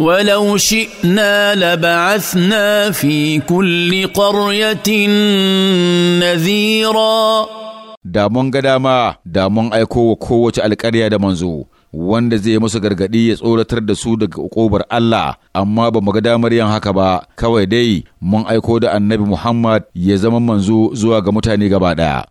ولو شئنا لبعثنا في كل قرية نذيرا da mun ga dama da mun aiko wa kowace alƙarya da manzo wanda zai musu gargaɗi ya tsoratar da su daga ƙobar Allah amma ba mu ga damar yin haka ba kawai dai mun aiko da annabi Muhammad ya zama manzo zuwa ga mutane gaba ɗaya.